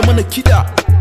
on mana kiɗa